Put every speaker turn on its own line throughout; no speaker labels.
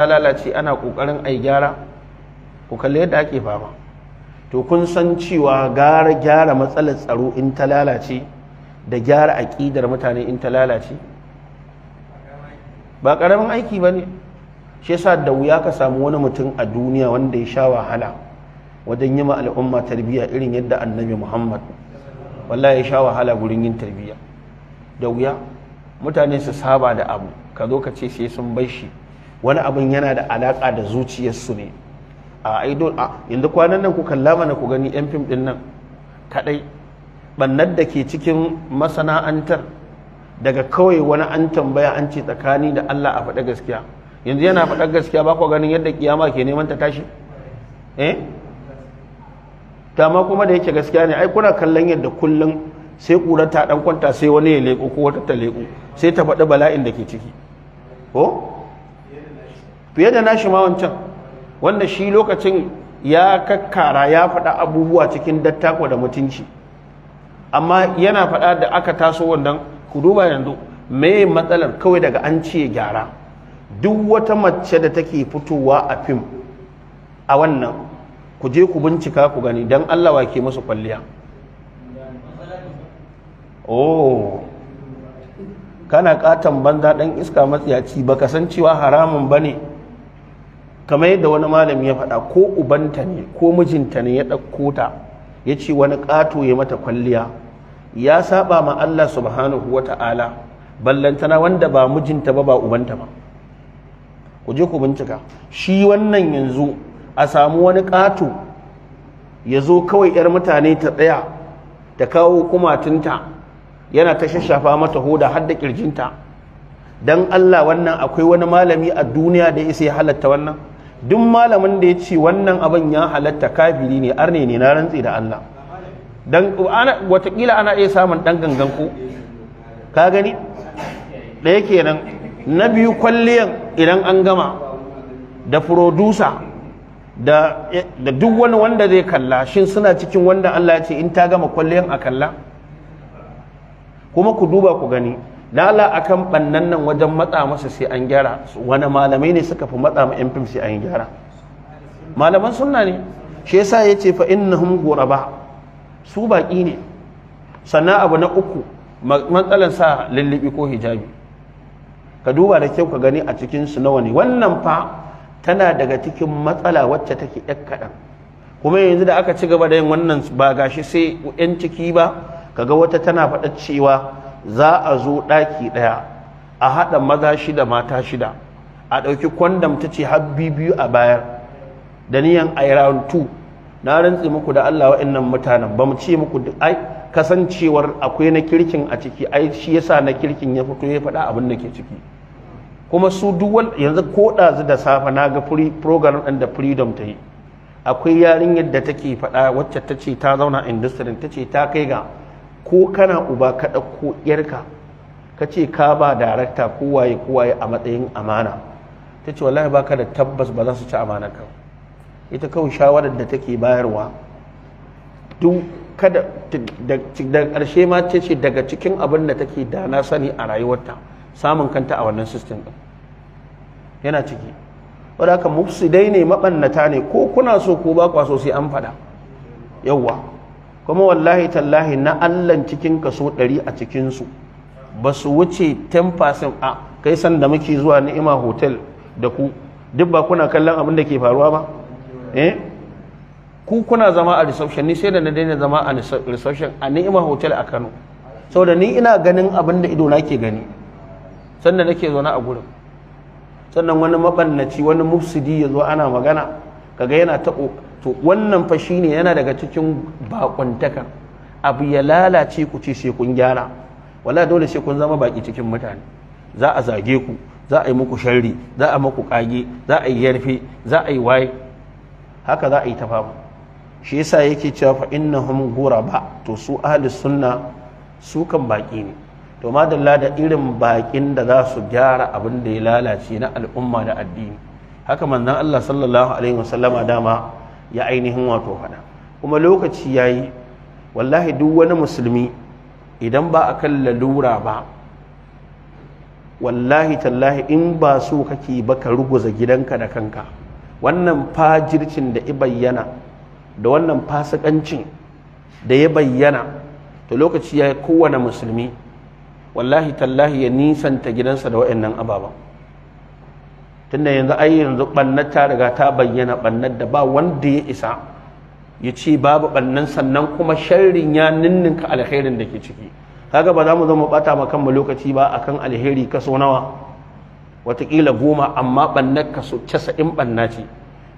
ta lalace ana kokarin a gyara ku kalli yadda ake fama to kun san cewa gara gyara matsalar tsaro in ta lalace da gyara aƙidar mutane in ta lalace ba ƙaramin aiki ba ne shi yasa da wuya ka samu wani mutum a duniya wanda ya sha wahala wajen yi ma al'umma tarbiyya irin yadda annabi muhammad wallahi ya sha wahala gurin yin tarbiyya da wuya mutane su saba da abu ka zo ka ce sai sun bai shi wani abin yana da alaƙa da zuciyarsu ne a idol a yanzu kwanan nan ku kalla mana ku gani yan fim ɗin nan kaɗai bannan da ke cikin masana'antar daga kawai wani an tambaya an ce tsakani da Allah a faɗa gaskiya yanzu yana faɗa gaskiya ba ku ganin yadda kiyama ke neman ta tashi eh ma kuma da yake gaskiya ne ai kuna kallon yadda kullum sai ƙurar ta ɗan kwanta sai wani ya leƙo ko wata ta leƙo sai ta faɗi bala'in da ke ciki ko fiye da nashi ma wancan wanda shi lokacin ya kakara ya faɗa abubuwa cikin dattako da mutunci amma yana faɗa da aka taso wannan ku duba yanzu mai matsalar kawai daga an ce gyara duk wata mace da take fitowa a fim a wannan ku je ku bincika ku gani don Allah wa ke musu kwalliya oh kana katon banza dan iska matsiyaci baka san cewa haramun bane kamar yadda wani malami ya faɗa ko ubanta ne ko mijinta ne ya ɗauko ta ya ce wani ƙato ya mata kwalliya ya saba ma Allah subhanahu wa ta'ala ballantana wanda ba mijinta ba ba ubanta ba ku je ku bincika shi wannan yanzu a samu wani ƙato ya zo kawai 'yar mutane ta tsaya ta kawo kumatunta yana ta shashafa mata hoda har da ƙirjinta don Allah wannan akwai wani malami a duniya da ya isa ya halatta wannan duk malamin da ya ce wannan abin ya halatta kafiri ne arne ne na rantsi da Allah dan watakila ana iya samun ɗan ganganku? ko ka gani da yake nan na biyu kwalliyan idan an gama da furodusa da duk wani wanda zai kalla shin suna cikin wanda Allah ya ce in ta gama kwalliyan a kalla kuma ku duba ku gani dala kan bannan nan wajen matsa masa sai an gyara wani malamai ne suka fi matsa ma yan fim sai an gyara malaman sunna ne shi yasa ya ce fa innahum ba, su baƙi ne sannan abu na uku matsalan sa lullubi ko hijabi ka duba da kyau ka gani a cikin su nawa ne wannan fa tana daga cikin matsala wacce take yak kaɗan kuma yanzu da aka ci gaba da yin wannan ba gashi sai yan ciki ba ka ga wata tana faɗa cewa za a zo ɗaki ɗaya a haɗa maza shida mata shida a ɗauki kwandam ta ce habbi biyu a bayar da niyan a yi round two na rantsi muku da Allah wa'annan mutanen ba mu ce muku ai kasancewar akwai na kirkin a ciki ai shi yasa na kirkin ya fito ya faɗa abin da ke ciki kuma su duwal yanzu ko ɗazu da safe na ga program ɗin da freedom ta yi akwai yarinyar da take faɗa wacce ta ce ta zauna industry ta ce ta kai ga ko kana uba ka ɗauko yarka ka ce ka ba darakta kowaye kowaye a matsayin amana ta ce wallahi baka da tabbas ba za su ci amanar ka ita kawai shawarar da take bayarwa duk kada da ƙarshe ma ta ce daga cikin abin da take da na sani a rayuwarta samun kanta a wannan system ɗin yana ciki wadda aka mufsidai ne maɓannata ne ko kuna so ko ba kwa so sai an faɗa yawwa kuma wallahi tallahi na allan cikin kaso ɗari a cikinsu ba su wuce 10% a kai sanda muke zuwa ni'ima hotel da ku duk ba kuna kallon abin da ke faruwa ba eh ku kuna zama a reception ni sai da na daina zama a reception a ni'ima hotel a Kano sau da ni ina ganin abin da ido ke gani sannan nake zaune a gurin sannan wani maɓannaci wani mufsidi ya zo ana magana kaga yana ta to wannan fa shine yana daga cikin bakuntaka abu ya lalace ku ce sai kun gyara wala dole sai kun zama baki cikin mutane za a zage ku za a yi muku sharri za a muku kage za a yi yarfe za a yi waye haka za a yi ta shi yasa yake cewa fa innahum ghuraba to su ahli sunna su kan baki ne to madalla da irin bakin da za su gyara abin da ya lalace na al'umma da addini haka manzon Allah sallallahu alaihi wasallama dama ya ainihin wato faɗa kuma lokaci yayi wallahi duk wani musulmi idan ba a kan lalura ba wallahi tallahi in ba so kake ba ka ruguza gidanka da kanka wannan fajircin da ya bayyana da wannan fasikancin da ya bayyana to lokaci ya kowane musulmi wallahi tallahi ya nisanta gidansa da waɗannan ababen tunda yanzu ai yanzu bannar ta riga ta bayyana bannar da ba wanda ya isa ya ce babu bannan sannan kuma sharrin ya ninninka alherin da ke ciki kaga ba za mu zo mu bata ma kanmu lokaci ba akan alheri kaso nawa watakila goma amma bannar kaso casa'in banna ce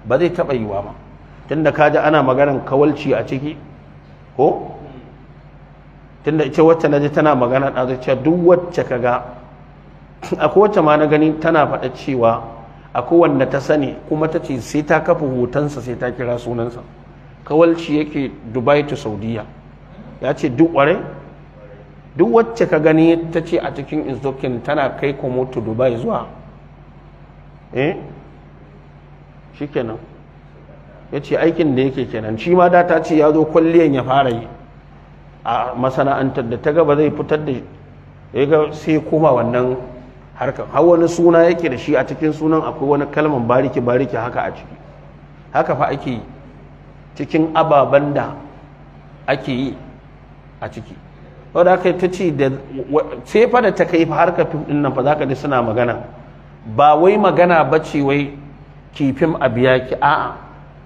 ba zai taɓa yiwa ba tunda kaji ana maganar kawalci a ciki ko tunda ita wacce na ji tana magana a zuciya duk wacce ka ga akwai wacce ma na gani tana faɗa cewa akwai wanda ta sani kuma ta ce sai ta kafa hotonsa sai ta kira sunansa kawalci yake dubai to saudiya ya ce duk ware duk wacce ka gani ta ce a cikin instokin tana kai komo to dubai zuwa eh shi kenan ya ce aikin da yake kenan shi ma da ta ce ya zo kwalliyan ya fara yi a masana'antar da ta gaba zai fitar da ya ga sai koma wannan harkan har wani suna yake da shi a cikin sunan akwai wani kalman bariki bariki haka a ciki haka fa ake cikin ababen da ake yi a ciki wadda aka ta ce da sai da ta kai harkar fim din nan fa ka ji suna magana ba wai magana ba ce wai kifin a biya ki a'a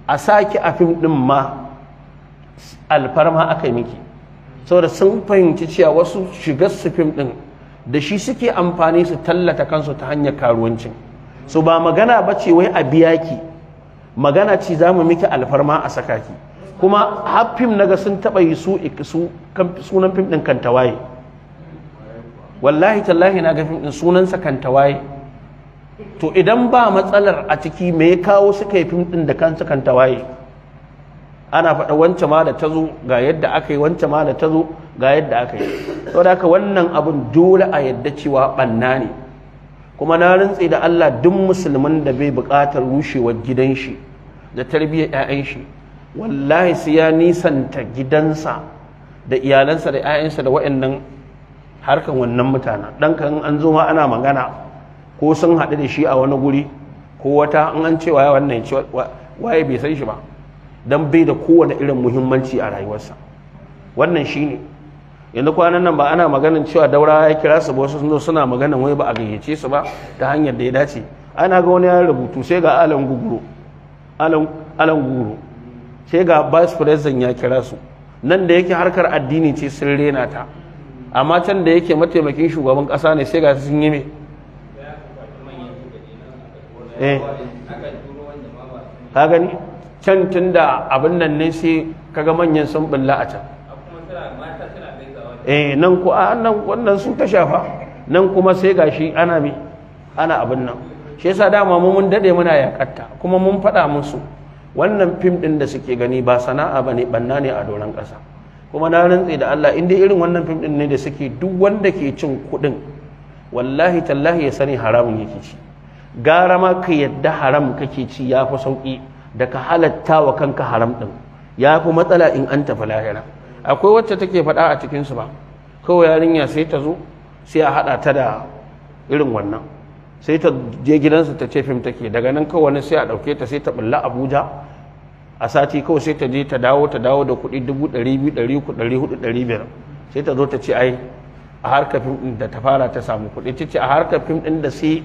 a sa ki a fim din ma alfarma aka yi miki saboda sun fahimci cewa wasu shigar su fim din da shi suke amfani su tallata kansu ta hanyar karuwancin su ba magana ba ce wai a biya ki magana ce za mu miki alfarma a saka ki kuma haffim naga sun taɓa yi su sunan fim ɗin kantawaye wallahi tallahi na ga fim ɗin sunansa kantawaye to idan ba matsalar a ciki me ya kawo suka yi fim ɗin da kansu kantawaye ana faɗa wance ma da ta zo ga yadda aka yi wance ma da ta zo ga yadda aka yi da haka wannan abin dole a yadda cewa ɓanna ne kuma na rintse da Allah duk musulman da bai buƙatar rushewar gidanshi da tarbiyyar 'ya'yan shi wallahi sai ya nisanta gidansa da iyalansa da 'ya'yansa da waɗannan harkan wannan mutanen dan kan an zo ma ana magana ko sun haɗu da shi a wani guri ko wata in an cewa wannan waye bai san shi ba Don bai da kowane irin muhimmanci a rayuwarsa wannan shi ne. yanzu kwanan nan ba ana maganin cewa daura ya kira su ba wasu sun suna maganin wai ba a gayyace su ba ta hanyar da ya dace ana ga wani ya rubutu sai ga alan guguro sai ga vice president ya kira su nan da yake harkar addini ce sun rena ta amma can da yake mataimakin shugaban kasa ne sai ga sun yi me eh. ka gani can tun da abin nan ne sai kaga manyan sun bulla a can eh nan ku a nan wannan sun ta shafa nan kuma sai gashi ana mi ana abin nan shi yasa dama mu mun dade muna yakatta kuma mun faɗa musu wannan fim din da suke gani ba sana'a bane banna ne a doron kasa kuma na rantse da Allah inda irin wannan fim din ne da suke duk wanda ke cin kuɗin wallahi tallahi ya sani haramun yake ci gara ma ka yadda haram kake ci ya fi sauƙi da ka halatta wa kanka haram ɗin ya fi matsala in an tafi lahira akwai wacce take faɗa a cikinsu ba kawai yarinya sai ta zo sai a haɗa ta da irin wannan sai ta je gidansa ta ce fim take daga nan kawai wani sai a ɗauke ta sai ta ɓulla abuja a sati kawai sai ta je ta dawo ta dawo da kuɗi dubu ɗari biyu ɗari uku ɗari hudu ɗari biyar sai ta zo ta ce ai a harkar fim ɗin da ta fara ta samu kuɗi ta ce a harkar fim ɗin da sai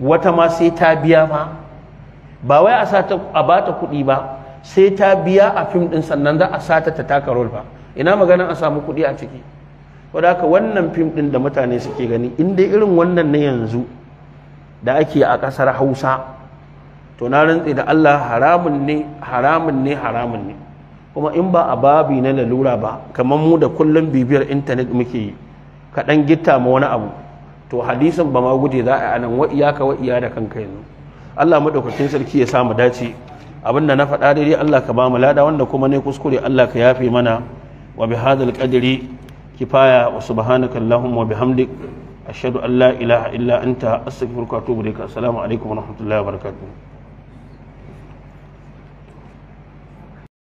wata ma sai ta biya ma ba wai a sata a bata kuɗi ba sai ta biya a fim ɗin sannan za a sata ta taka rol ba ina maganin a samu kuɗi a ciki wadaka wannan fim ɗin da mutane suke gani in dai irin wannan na yanzu da ake a ƙasar hausa to na rantse da allah haramun ne haramun ne haramun ne kuma in ba a babi na lalura ba kamar mu da kullum bibiyar intanet muke yi kaɗan gitta ma wani abu to hadisin ba ma guje za a yi anan wa iyaka wa iya da kanka yanzu Allah madaukakin sarki ya samu dace abinda na faɗa daidai Allah ka ba mu lada wanda kuma ne kuskure Allah ka yafe mana wa bihadhal qadri kifaya wa subhanaka allahumma wa bihamdik ashhadu an la ilaha illa anta astaghfiruka wa atubu ilaik assalamu alaikum wa rahmatullahi wa barakatuh